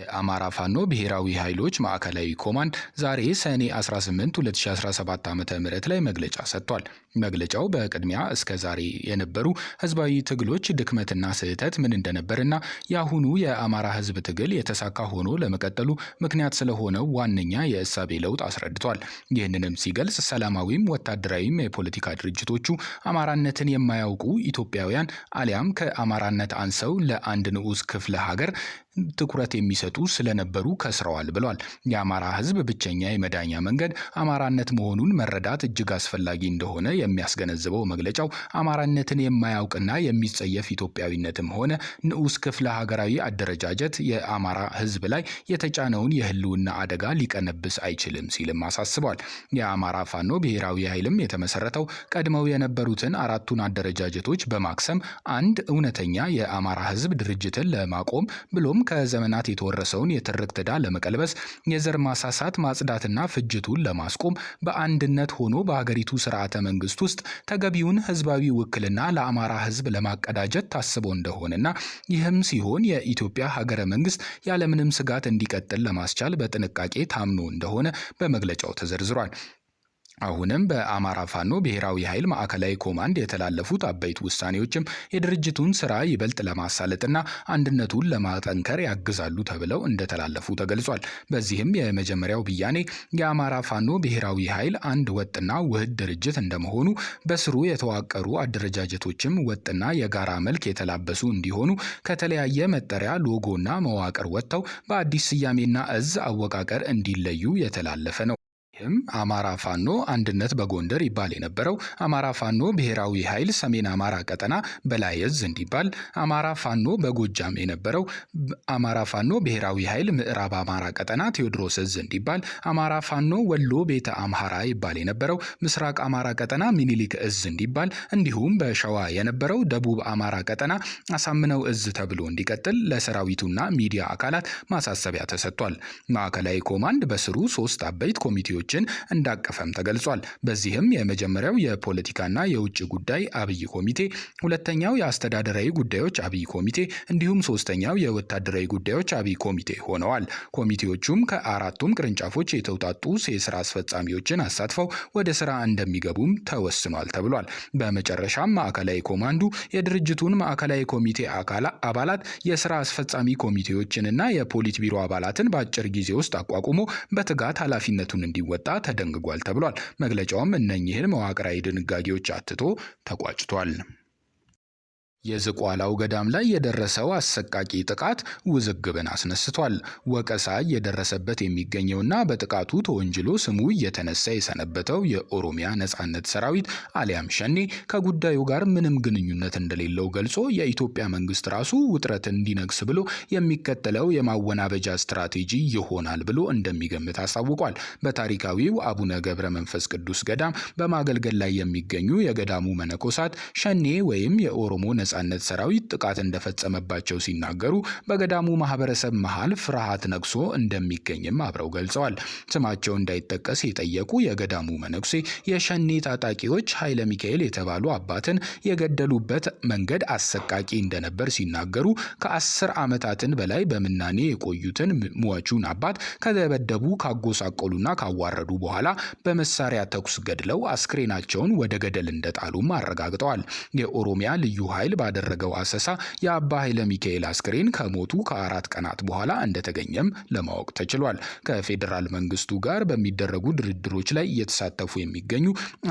የአማራ ፋኖ ብሔራዊ ኃይሎች ማዕከላዊ ኮማንድ ዛሬ ሰኔ 18 2017 ዓ ም ላይ መግለጫ ሰጥቷል። መግለጫው በቅድሚያ እስከ ዛሬ የነበሩ ህዝባዊ ትግሎች ድክመትና ስህተት ምን እንደነበርና የአሁኑ የአማራ ህዝብ ትግል የተሳካ ሆኖ ለመቀጠሉ ምክንያት ስለሆነው ዋነኛ የእሳቤ ለውጥ አስረድቷል። ይህንንም ሲገልጽ ሰላማዊም ወታደራዊም የፖለቲካ ድርጅቶቹ አማራነትን የማያውቁ ኢትዮጵያውያን አሊያም ከአማራነት አንሰው ለአንድ ንዑስ ክፍለ ሀገር ትኩረት የሚሰጡ ስለነበሩ ከስረዋል ብሏል። የአማራ ህዝብ ብቸኛ የመዳኛ መንገድ አማራነት መሆኑን መረዳት እጅግ አስፈላጊ እንደሆነ የሚያስገነዝበው መግለጫው አማራነትን የማያውቅና የሚጸየፍ ኢትዮጵያዊነትም ሆነ ንዑስ ክፍለ ሀገራዊ አደረጃጀት የአማራ ህዝብ ላይ የተጫነውን የህልውና አደጋ ሊቀነብስ አይችልም ሲልም አሳስቧል። የአማራ ፋኖ ብሔራዊ ኃይልም የተመሰረተው ቀድመው የነበሩትን አራቱን አደረጃጀቶች በማክሰም አንድ እውነተኛ የአማራ ህዝብ ድርጅትን ለማቆም ብሎም ከዘመናት የተወረሰውን የትርክት ዕዳ ለመቀልበስ የዘር ማሳሳት ማጽዳትና ፍጅቱን ለማስቆም በአንድነት ሆኖ በሀገሪቱ ስርዓተ መንግስት ውስጥ ተገቢውን ህዝባዊ ውክልና ለአማራ ህዝብ ለማቀዳጀት ታስቦ እንደሆነና ይህም ሲሆን የኢትዮጵያ ሀገረ መንግስት ያለምንም ስጋት እንዲቀጥል ለማስቻል በጥንቃቄ ታምኖ እንደሆነ በመግለጫው ተዘርዝሯል። አሁንም በአማራ ፋኖ ብሔራዊ ኃይል ማዕከላዊ ኮማንድ የተላለፉት አበይት ውሳኔዎችም የድርጅቱን ስራ ይበልጥ ለማሳለጥና አንድነቱን ለማጠንከር ያግዛሉ ተብለው እንደተላለፉ ተገልጿል። በዚህም የመጀመሪያው ብያኔ የአማራ ፋኖ ብሔራዊ ኃይል አንድ ወጥና ውህድ ድርጅት እንደመሆኑ በስሩ የተዋቀሩ አደረጃጀቶችም ወጥና የጋራ መልክ የተላበሱ እንዲሆኑ ከተለያየ መጠሪያ ሎጎና መዋቅር ወጥተው በአዲስ ስያሜና እዝ አወቃቀር እንዲለዩ የተላለፈ ነው። ይህም አማራ ፋኖ አንድነት በጎንደር ይባል የነበረው አማራ ፋኖ ብሔራዊ ኃይል ሰሜን አማራ ቀጠና በላይ እዝ እንዲባል፣ አማራ ፋኖ በጎጃም የነበረው አማራ ፋኖ ብሔራዊ ኃይል ምዕራብ አማራ ቀጠና ቴዎድሮስ እዝ እንዲባል፣ አማራ ፋኖ ወሎ ቤተ አምሃራ ይባል የነበረው ምስራቅ አማራ ቀጠና ሚኒሊክ እዝ እንዲባል፣ እንዲሁም በሸዋ የነበረው ደቡብ አማራ ቀጠና አሳምነው እዝ ተብሎ እንዲቀጥል ለሰራዊቱና ሚዲያ አካላት ማሳሰቢያ ተሰጥቷል። ማዕከላዊ ኮማንድ በስሩ ሶስት አበይት ኮሚቴዎች ጉዳዮችን እንዳቀፈም ተገልጿል። በዚህም የመጀመሪያው የፖለቲካና የውጭ ጉዳይ አብይ ኮሚቴ፣ ሁለተኛው የአስተዳደራዊ ጉዳዮች አብይ ኮሚቴ እንዲሁም ሶስተኛው የወታደራዊ ጉዳዮች አብይ ኮሚቴ ሆነዋል። ኮሚቴዎቹም ከአራቱም ቅርንጫፎች የተውጣጡ የስራ አስፈጻሚዎችን አሳትፈው ወደ ስራ እንደሚገቡም ተወስኗል ተብሏል። በመጨረሻም ማዕከላዊ ኮማንዱ የድርጅቱን ማዕከላዊ ኮሚቴ አባላት የስራ አስፈጻሚ ኮሚቴዎችንና የፖሊት ቢሮ አባላትን በአጭር ጊዜ ውስጥ አቋቁሞ በትጋት ኃላፊነቱን እንዲወ እንደሚወጣ ተደንግጓል ተብሏል። መግለጫውም እነኚህን መዋቅራዊ ድንጋጌዎች አትቶ ተቋጭቷል። የዝቋላው ገዳም ላይ የደረሰው አሰቃቂ ጥቃት ውዝግብን አስነስቷል። ወቀሳ እየደረሰበት የሚገኘውና በጥቃቱ ተወንጅሎ ስሙ እየተነሳ የሰነበተው የኦሮሚያ ነጻነት ሰራዊት አሊያም ሸኔ ከጉዳዩ ጋር ምንም ግንኙነት እንደሌለው ገልጾ የኢትዮጵያ መንግስት ራሱ ውጥረት እንዲነግስ ብሎ የሚከተለው የማወናበጃ ስትራቴጂ ይሆናል ብሎ እንደሚገምት አሳውቋል። በታሪካዊው አቡነ ገብረ መንፈስ ቅዱስ ገዳም በማገልገል ላይ የሚገኙ የገዳሙ መነኮሳት ሸኔ ወይም የኦሮሞ ነጻነት ሰራዊት ጥቃት እንደፈጸመባቸው ሲናገሩ በገዳሙ ማህበረሰብ መሃል ፍርሃት ነግሶ እንደሚገኝም አብረው ገልጸዋል። ስማቸው እንዳይጠቀስ የጠየቁ የገዳሙ መነኩሴ የሸኔ ታጣቂዎች ኃይለ ሚካኤል የተባሉ አባትን የገደሉበት መንገድ አሰቃቂ እንደነበር ሲናገሩ ከአስር ዓመታትን በላይ በምናኔ የቆዩትን ሟቹን አባት ከደበደቡ ካጎሳቆሉና ካዋረዱ በኋላ በመሳሪያ ተኩስ ገድለው አስክሬናቸውን ወደ ገደል እንደጣሉም አረጋግጠዋል። የኦሮሚያ ልዩ ኃይል ባደረገው አሰሳ የአባ ኃይለ ሚካኤል አስክሬን ከሞቱ ከአራት ቀናት በኋላ እንደተገኘም ለማወቅ ተችሏል። ከፌዴራል መንግስቱ ጋር በሚደረጉ ድርድሮች ላይ እየተሳተፉ የሚገኙ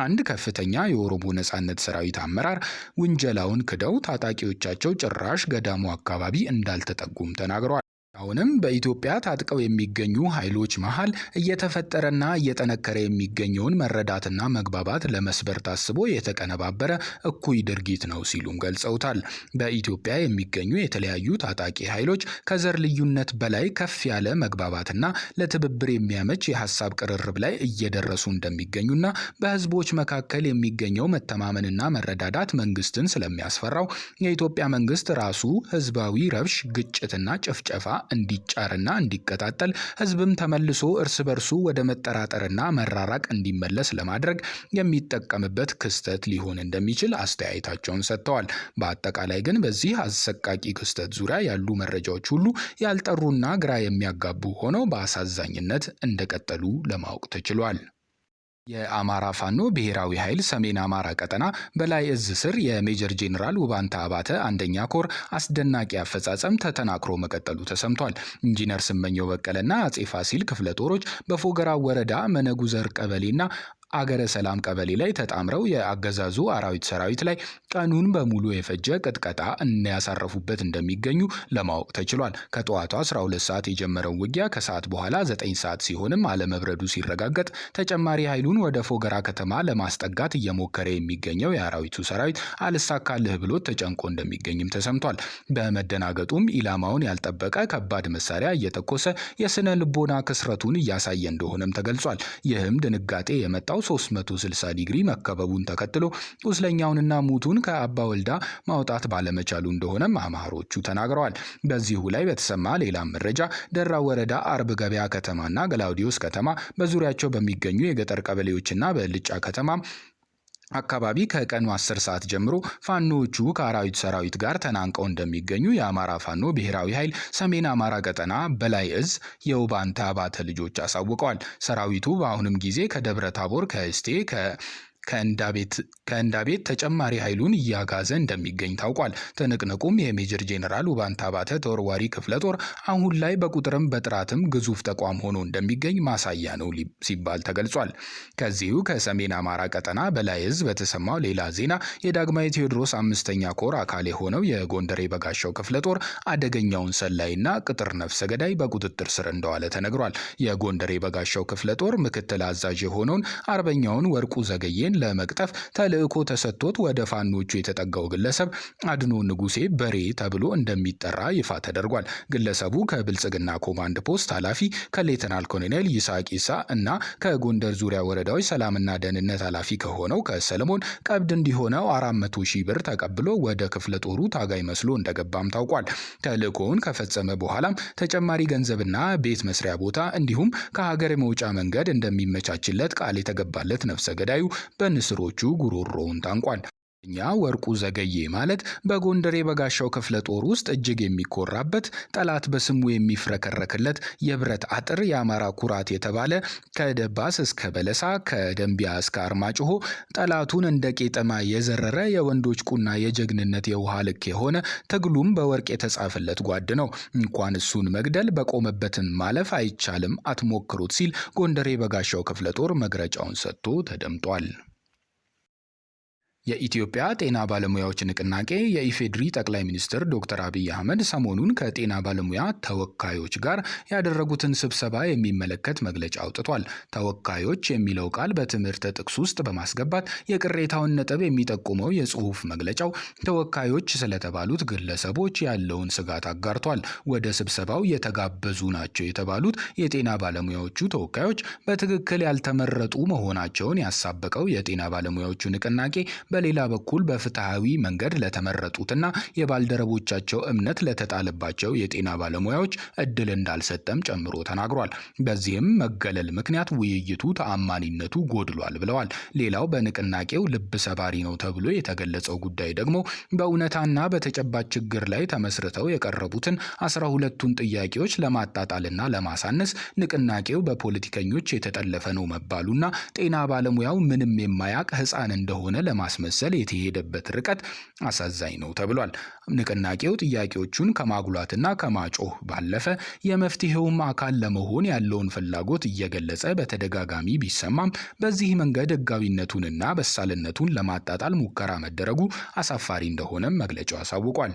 አንድ ከፍተኛ የኦሮሞ ነጻነት ሰራዊት አመራር ውንጀላውን ክደው ታጣቂዎቻቸው ጭራሽ ገዳሙ አካባቢ እንዳልተጠጉም ተናግረዋል። አሁንም በኢትዮጵያ ታጥቀው የሚገኙ ኃይሎች መሀል እየተፈጠረና እየጠነከረ የሚገኘውን መረዳትና መግባባት ለመስበር ታስቦ የተቀነባበረ እኩይ ድርጊት ነው ሲሉም ገልጸውታል። በኢትዮጵያ የሚገኙ የተለያዩ ታጣቂ ኃይሎች ከዘር ልዩነት በላይ ከፍ ያለ መግባባትና ለትብብር የሚያመች የሀሳብ ቅርርብ ላይ እየደረሱ እንደሚገኙና በህዝቦች መካከል የሚገኘው መተማመንና መረዳዳት መንግስትን ስለሚያስፈራው የኢትዮጵያ መንግስት ራሱ ህዝባዊ ረብሽ፣ ግጭትና ጭፍጨፋ እንዲጫርና እንዲቀጣጠል ህዝብም ተመልሶ እርስ በርሱ ወደ መጠራጠርና መራራቅ እንዲመለስ ለማድረግ የሚጠቀምበት ክስተት ሊሆን እንደሚችል አስተያየታቸውን ሰጥተዋል። በአጠቃላይ ግን በዚህ አሰቃቂ ክስተት ዙሪያ ያሉ መረጃዎች ሁሉ ያልጠሩና ግራ የሚያጋቡ ሆነው በአሳዛኝነት እንደቀጠሉ ለማወቅ ተችሏል። የአማራ ፋኖ ብሔራዊ ኃይል ሰሜን አማራ ቀጠና በላይ እዝ ስር የሜጀር ጄኔራል ውባንታ አባተ አንደኛ ኮር አስደናቂ አፈጻጸም ተጠናክሮ መቀጠሉ ተሰምቷል። ኢንጂነር ስመኘው በቀለና አጼ ፋሲል ክፍለ ጦሮች በፎገራ ወረዳ መነጉዘር ቀበሌና አገረ ሰላም ቀበሌ ላይ ተጣምረው የአገዛዙ አራዊት ሰራዊት ላይ ቀኑን በሙሉ የፈጀ ቅጥቀጣ እናያሳረፉበት እንደሚገኙ ለማወቅ ተችሏል። ከጠዋቱ 12 ሰዓት የጀመረው ውጊያ ከሰዓት በኋላ 9 ሰዓት ሲሆንም አለመብረዱ ሲረጋገጥ ተጨማሪ ኃይሉን ወደ ፎገራ ከተማ ለማስጠጋት እየሞከረ የሚገኘው የአራዊቱ ሰራዊት አልሳካልህ ብሎት ተጨንቆ እንደሚገኝም ተሰምቷል። በመደናገጡም ኢላማውን ያልጠበቀ ከባድ መሳሪያ እየተኮሰ የስነ ልቦና ክስረቱን እያሳየ እንደሆነም ተገልጿል። ይህም ድንጋጤ የመጣው 360 ዲግሪ መከበቡን ተከትሎ ቁስለኛውንና ሙቱን ከአባ ወልዳ ማውጣት ባለመቻሉ እንደሆነም አማሮቹ ተናግረዋል። በዚሁ ላይ በተሰማ ሌላም መረጃ ደራ ወረዳ አርብ ገበያ ከተማና ገላውዲዮስ ከተማ በዙሪያቸው በሚገኙ የገጠር ቀበሌዎችና በልጫ ከተማ አካባቢ ከቀኑ 10 ሰዓት ጀምሮ ፋኖዎቹ ከአራዊት ሰራዊት ጋር ተናንቀው እንደሚገኙ የአማራ ፋኖ ብሔራዊ ኃይል ሰሜን አማራ ቀጠና በላይ እዝ የውባንታ አባተ ልጆች አሳውቀዋል። ሰራዊቱ በአሁንም ጊዜ ከደብረ ታቦር፣ ከእስቴ፣ ከእንዳ ቤት ተጨማሪ ኃይሉን እያጋዘ እንደሚገኝ ታውቋል። ትንቅንቁም የሜጀር ጄኔራል ውባንታ ባተ ተወርዋሪ ክፍለ ጦር አሁን ላይ በቁጥርም በጥራትም ግዙፍ ተቋም ሆኖ እንደሚገኝ ማሳያ ነው ሲባል ተገልጿል። ከዚሁ ከሰሜን አማራ ቀጠና በላይ እዝ በተሰማው ሌላ ዜና የዳግማዊ ቴዎድሮስ አምስተኛ ኮር አካል የሆነው የጎንደር በጋሻው ክፍለ ጦር አደገኛውን ሰላይና ቅጥር ነፍሰ ገዳይ በቁጥጥር ስር እንደዋለ ተነግሯል። የጎንደር በጋሻው ክፍለ ጦር ምክትል አዛዥ የሆነውን አርበኛውን ወርቁ ዘገየን ፋኖችን ለመቅጠፍ ተልዕኮ ተሰጥቶት ወደ ፋኖቹ የተጠጋው ግለሰብ አድኖ ንጉሴ በሬ ተብሎ እንደሚጠራ ይፋ ተደርጓል። ግለሰቡ ከብልጽግና ኮማንድ ፖስት ኃላፊ ከሌተናል ኮሎኔል ይስሐቅ ኢሳ እና ከጎንደር ዙሪያ ወረዳዎች ሰላምና ደህንነት ኃላፊ ከሆነው ከሰለሞን ቀብድ እንዲሆነው 400 ሺህ ብር ተቀብሎ ወደ ክፍለ ጦሩ ታጋይ መስሎ እንደገባም ታውቋል። ተልእኮውን ከፈጸመ በኋላም ተጨማሪ ገንዘብና ቤት መስሪያ ቦታ እንዲሁም ከሀገር መውጫ መንገድ እንደሚመቻችለት ቃል የተገባለት ነፍሰ ገዳዩ በንስሮቹ ጉሮሮውን ታንቋል። እኛ ወርቁ ዘገዬ ማለት በጎንደር የበጋሻው ክፍለ ጦር ውስጥ እጅግ የሚኮራበት ጠላት በስሙ የሚፍረከረክለት የብረት አጥር የአማራ ኩራት የተባለ ከደባስ እስከ በለሳ ከደንቢያ እስከ አርማጭሆ ጠላቱን እንደ ቄጠማ የዘረረ የወንዶች ቁና የጀግንነት የውሃ ልክ የሆነ ትግሉም በወርቅ የተጻፈለት ጓድ ነው። እንኳን እሱን መግደል በቆመበትን ማለፍ አይቻልም፣ አትሞክሩት ሲል ጎንደር የበጋሻው ክፍለ ጦር መግረጫውን ሰጥቶ ተደምጧል። የኢትዮጵያ ጤና ባለሙያዎች ንቅናቄ የኢፌድሪ ጠቅላይ ሚኒስትር ዶክተር አብይ አህመድ ሰሞኑን ከጤና ባለሙያ ተወካዮች ጋር ያደረጉትን ስብሰባ የሚመለከት መግለጫ አውጥቷል። ተወካዮች የሚለው ቃል በትምህርት ጥቅስ ውስጥ በማስገባት የቅሬታውን ነጥብ የሚጠቁመው የጽሑፍ መግለጫው ተወካዮች ስለተባሉት ግለሰቦች ያለውን ስጋት አጋርቷል። ወደ ስብሰባው የተጋበዙ ናቸው የተባሉት የጤና ባለሙያዎቹ ተወካዮች በትክክል ያልተመረጡ መሆናቸውን ያሳበቀው የጤና ባለሙያዎቹ ንቅናቄ በሌላ በኩል በፍትሐዊ መንገድ ለተመረጡትና የባልደረቦቻቸው እምነት ለተጣለባቸው የጤና ባለሙያዎች እድል እንዳልሰጠም ጨምሮ ተናግሯል። በዚህም መገለል ምክንያት ውይይቱ ተአማኒነቱ ጎድሏል ብለዋል። ሌላው በንቅናቄው ልብ ሰባሪ ነው ተብሎ የተገለጸው ጉዳይ ደግሞ በእውነታና በተጨባጭ ችግር ላይ ተመስርተው የቀረቡትን አስራ ሁለቱን ጥያቄዎች ለማጣጣልና ለማሳነስ ንቅናቄው በፖለቲከኞች የተጠለፈ ነው መባሉና ጤና ባለሙያው ምንም የማያቅ ሕፃን እንደሆነ ለማስ በማስመሰል የተሄደበት ርቀት አሳዛኝ ነው ተብሏል። ንቅናቄው ጥያቄዎቹን ከማጉላትና ከማጮህ ባለፈ የመፍትሄውም አካል ለመሆን ያለውን ፍላጎት እየገለጸ በተደጋጋሚ ቢሰማም በዚህ መንገድ ህጋዊነቱንና በሳልነቱን ለማጣጣል ሙከራ መደረጉ አሳፋሪ እንደሆነም መግለጫው አሳውቋል።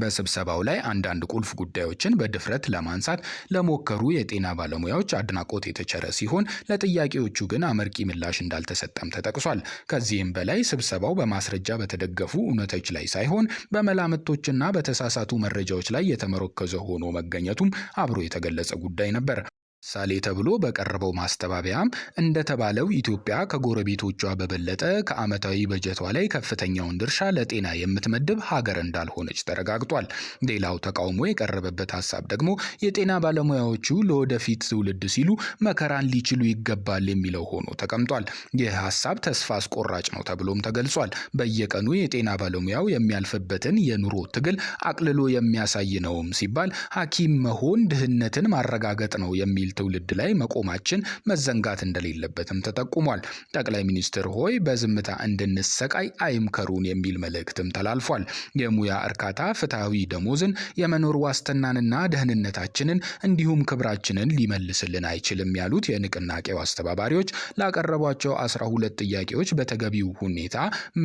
በስብሰባው ላይ አንዳንድ ቁልፍ ጉዳዮችን በድፍረት ለማንሳት ለሞከሩ የጤና ባለሙያዎች አድናቆት የተቸረ ሲሆን ለጥያቄዎቹ ግን አመርቂ ምላሽ እንዳልተሰጠም ተጠቅሷል። ከዚህም በላይ ስብሰባው በማስረጃ በተደገፉ እውነቶች ላይ ሳይሆን በመላምቶችና በተሳሳቱ መረጃዎች ላይ የተመረኮዘ ሆኖ መገኘቱም አብሮ የተገለጸ ጉዳይ ነበር። ሳሌ ተብሎ በቀረበው ማስተባበያም እንደተባለው ኢትዮጵያ ከጎረቤቶቿ በበለጠ ከዓመታዊ በጀቷ ላይ ከፍተኛውን ድርሻ ለጤና የምትመድብ ሀገር እንዳልሆነች ተረጋግጧል። ሌላው ተቃውሞ የቀረበበት ሀሳብ ደግሞ የጤና ባለሙያዎቹ ለወደፊት ትውልድ ሲሉ መከራን ሊችሉ ይገባል የሚለው ሆኖ ተቀምጧል። ይህ ሀሳብ ተስፋ አስቆራጭ ነው ተብሎም ተገልጿል። በየቀኑ የጤና ባለሙያው የሚያልፍበትን የኑሮ ትግል አቅልሎ የሚያሳይ ነውም ሲባል ሐኪም መሆን ድህነትን ማረጋገጥ ነው የሚል በሚል ትውልድ ላይ መቆማችን መዘንጋት እንደሌለበትም ተጠቁሟል። ጠቅላይ ሚኒስትር ሆይ በዝምታ እንድንሰቃይ አይምከሩን የሚል መልእክትም ተላልፏል። የሙያ እርካታ፣ ፍትሐዊ ደሞዝን፣ የመኖር ዋስትናንና ደህንነታችንን እንዲሁም ክብራችንን ሊመልስልን አይችልም ያሉት የንቅናቄው አስተባባሪዎች ላቀረቧቸው አስራ ሁለት ጥያቄዎች በተገቢው ሁኔታ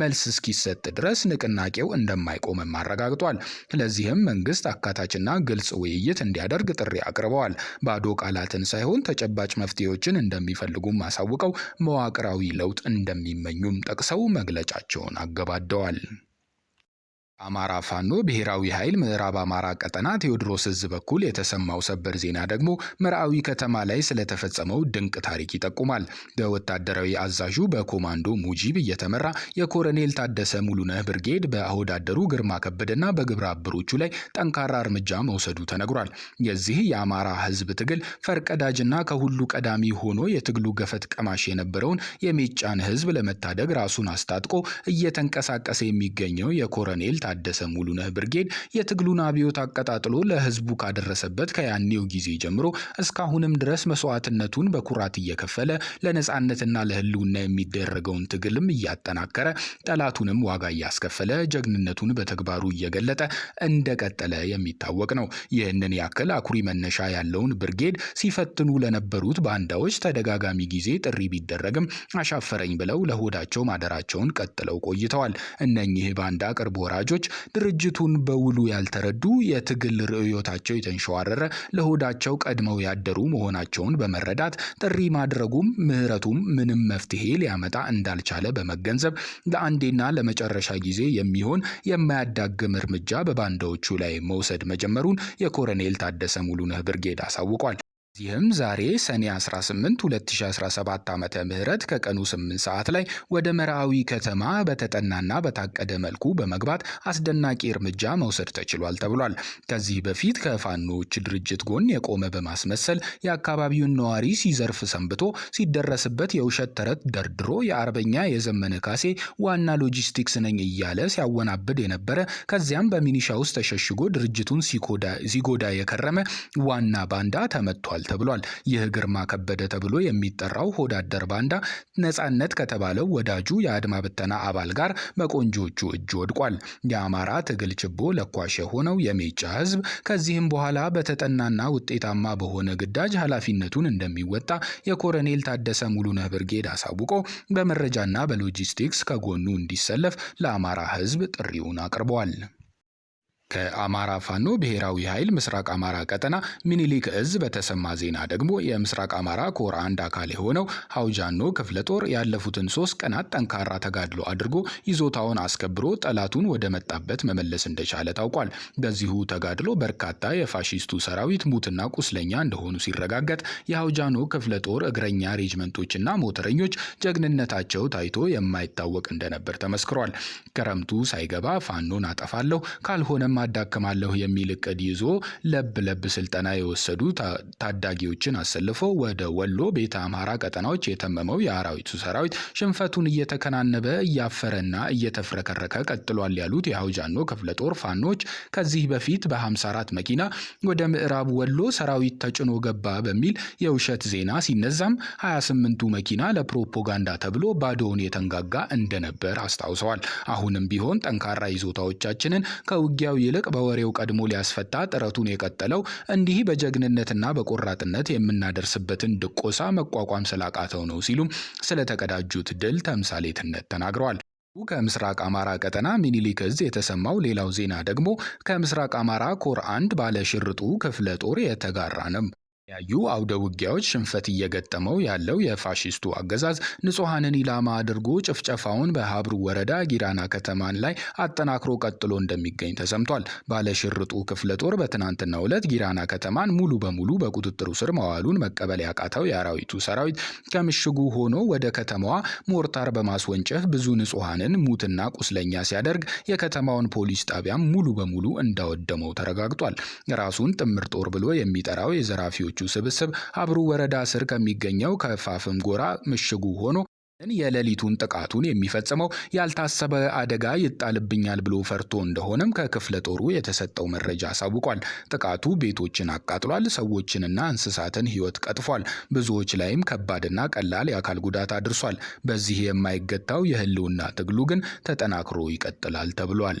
መልስ እስኪሰጥ ድረስ ንቅናቄው እንደማይቆምም አረጋግጧል። ስለዚህም መንግስት አካታችና ግልጽ ውይይት እንዲያደርግ ጥሪ አቅርበዋል። ባዶ ቃላት መፍትሄዎችን ሳይሆን ተጨባጭ መፍትሄዎችን እንደሚፈልጉም አሳውቀው መዋቅራዊ ለውጥ እንደሚመኙም ጠቅሰው መግለጫቸውን አገባደዋል። አማራ ፋኖ ብሔራዊ ኃይል ምዕራብ አማራ ቀጠና ቴዎድሮስ እዝ በኩል የተሰማው ሰበር ዜና ደግሞ መርዓዊ ከተማ ላይ ስለተፈጸመው ድንቅ ታሪክ ይጠቁማል። በወታደራዊ አዛዡ በኮማንዶ ሙጂብ እየተመራ የኮረኔል ታደሰ ሙሉነህ ብርጌድ በአወዳደሩ ግርማ ከበደና በግብረ አበሮቹ ላይ ጠንካራ እርምጃ መውሰዱ ተነግሯል። የዚህ የአማራ ሕዝብ ትግል ፈርቀዳጅና ከሁሉ ቀዳሚ ሆኖ የትግሉ ገፈት ቀማሽ የነበረውን የሚጫን ሕዝብ ለመታደግ ራሱን አስታጥቆ እየተንቀሳቀሰ የሚገኘው የኮረኔል የታደሰ ሙሉነህ ብርጌድ የትግሉን አብዮት አቀጣጥሎ ለህዝቡ ካደረሰበት ከያኔው ጊዜ ጀምሮ እስካሁንም ድረስ መስዋዕትነቱን በኩራት እየከፈለ ለነጻነትና ለህልውና የሚደረገውን ትግልም እያጠናከረ ጠላቱንም ዋጋ እያስከፈለ ጀግንነቱን በተግባሩ እየገለጠ እንደቀጠለ የሚታወቅ ነው። ይህንን ያክል አኩሪ መነሻ ያለውን ብርጌድ ሲፈትኑ ለነበሩት ባንዳዎች ተደጋጋሚ ጊዜ ጥሪ ቢደረግም አሻፈረኝ ብለው ለሆዳቸው ማደራቸውን ቀጥለው ቆይተዋል። እነኚህ ባንዳ ቅርብ ወራጆች ተሟጋቾች ድርጅቱን በውሉ ያልተረዱ የትግል ርዕዮታቸው የተንሸዋረረ ለሆዳቸው ቀድመው ያደሩ መሆናቸውን በመረዳት ጥሪ ማድረጉም ምህረቱም ምንም መፍትሄ ሊያመጣ እንዳልቻለ በመገንዘብ ለአንዴና ለመጨረሻ ጊዜ የሚሆን የማያዳግም እርምጃ በባንዳዎቹ ላይ መውሰድ መጀመሩን የኮረኔል ታደሰ ሙሉነህ ብርጌድ አሳውቋል። ዚህም ዛሬ ሰኔ 18 2017 ዓ ም ከቀኑ 8 ሰዓት ላይ ወደ መርዓዊ ከተማ በተጠናና በታቀደ መልኩ በመግባት አስደናቂ እርምጃ መውሰድ ተችሏል ተብሏል። ከዚህ በፊት ከፋኖች ድርጅት ጎን የቆመ በማስመሰል የአካባቢውን ነዋሪ ሲዘርፍ ሰንብቶ ሲደረስበት የውሸት ተረት ደርድሮ የአርበኛ የዘመነ ካሴ ዋና ሎጂስቲክስ ነኝ እያለ ሲያወናብድ የነበረ ከዚያም በሚኒሻ ውስጥ ተሸሽጎ ድርጅቱን ሲጎዳ የከረመ ዋና ባንዳ ተመቷል። ተብሏል። ይህ ግርማ ከበደ ተብሎ የሚጠራው ሆዳደር ባንዳ ነጻነት ከተባለው ወዳጁ የአድማ ብተና አባል ጋር በቆንጆቹ እጅ ወድቋል። የአማራ ትግል ችቦ ለኳሽ የሆነው የሜጫ ህዝብ ከዚህም በኋላ በተጠናና ውጤታማ በሆነ ግዳጅ ኃላፊነቱን እንደሚወጣ የኮረኔል ታደሰ ሙሉነህ ብርጌድ አሳውቆ በመረጃና በሎጂስቲክስ ከጎኑ እንዲሰለፍ ለአማራ ህዝብ ጥሪውን አቅርበዋል። ከአማራ ፋኖ ብሔራዊ ኃይል ምስራቅ አማራ ቀጠና ሚኒሊክ እዝ በተሰማ ዜና ደግሞ የምስራቅ አማራ ኮር አንድ አካል የሆነው ሀውጃኖ ክፍለ ጦር ያለፉትን ሶስት ቀናት ጠንካራ ተጋድሎ አድርጎ ይዞታውን አስከብሮ ጠላቱን ወደ መጣበት መመለስ እንደቻለ ታውቋል። በዚሁ ተጋድሎ በርካታ የፋሺስቱ ሰራዊት ሙትና ቁስለኛ እንደሆኑ ሲረጋገጥ፣ የሀውጃኖ ክፍለ ጦር እግረኛ ሬጅመንቶችና ሞተረኞች ጀግንነታቸው ታይቶ የማይታወቅ እንደነበር ተመስክሯል። ክረምቱ ሳይገባ ፋኖን አጠፋለሁ ካልሆነም አዳክማለሁ የሚል እቅድ ይዞ ለብ ለብ ስልጠና የወሰዱ ታዳጊዎችን አሰልፎ ወደ ወሎ ቤተ አማራ ቀጠናዎች የተመመው የአራዊቱ ሰራዊት ሽንፈቱን እየተከናነበ እያፈረና እየተፍረከረከ ቀጥሏል ያሉት የአውጃኖ ክፍለ ጦር ፋኖች ከዚህ በፊት በ54 መኪና ወደ ምዕራብ ወሎ ሰራዊት ተጭኖ ገባ በሚል የውሸት ዜና ሲነዛም 28ቱ መኪና ለፕሮፓጋንዳ ተብሎ ባዶውን የተንጋጋ እንደነበር አስታውሰዋል። አሁንም ቢሆን ጠንካራ ይዞታዎቻችንን ከውጊያው ይልቅ በወሬው ቀድሞ ሊያስፈታ ጥረቱን የቀጠለው እንዲህ በጀግንነትና በቆራጥነት የምናደርስበትን ድቆሳ መቋቋም ስላቃተው ነው ሲሉም ስለተቀዳጁት ድል ተምሳሌትነት ተናግረዋል። ከምስራቅ አማራ ቀጠና ሚኒሊክ እዝ የተሰማው ሌላው ዜና ደግሞ ከምስራቅ አማራ ኮር አንድ ባለሽርጡ ክፍለ ጦር የተጋራ ነው። የተለያዩ አውደ ውጊያዎች ሽንፈት እየገጠመው ያለው የፋሽስቱ አገዛዝ ንጹሐንን ኢላማ አድርጎ ጭፍጨፋውን በሀብሩ ወረዳ ጊራና ከተማን ላይ አጠናክሮ ቀጥሎ እንደሚገኝ ተሰምቷል። ባለሽርጡ ክፍለ ጦር በትናንትናው ዕለት ጊራና ከተማን ሙሉ በሙሉ በቁጥጥሩ ስር መዋሉን መቀበል ያቃተው የአራዊቱ ሰራዊት ከምሽጉ ሆኖ ወደ ከተማዋ ሞርታር በማስወንጨፍ ብዙ ንጹሐንን ሙትና ቁስለኛ ሲያደርግ የከተማውን ፖሊስ ጣቢያም ሙሉ በሙሉ እንዳወደመው ተረጋግጧል። ራሱን ጥምር ጦር ብሎ የሚጠራው የዘራፊዎች የወጣቶቹ ስብስብ አብሩ ወረዳ ስር ከሚገኘው ከፋፍም ጎራ ምሽጉ ሆኖ የሌሊቱን ጥቃቱን የሚፈጽመው ያልታሰበ አደጋ ይጣልብኛል ብሎ ፈርቶ እንደሆነም ከክፍለ ጦሩ የተሰጠው መረጃ አሳውቋል። ጥቃቱ ቤቶችን አቃጥሏል፣ ሰዎችንና እንስሳትን ሕይወት ቀጥፏል፣ ብዙዎች ላይም ከባድና ቀላል የአካል ጉዳት አድርሷል። በዚህ የማይገታው የህልውና ትግሉ ግን ተጠናክሮ ይቀጥላል ተብሏል።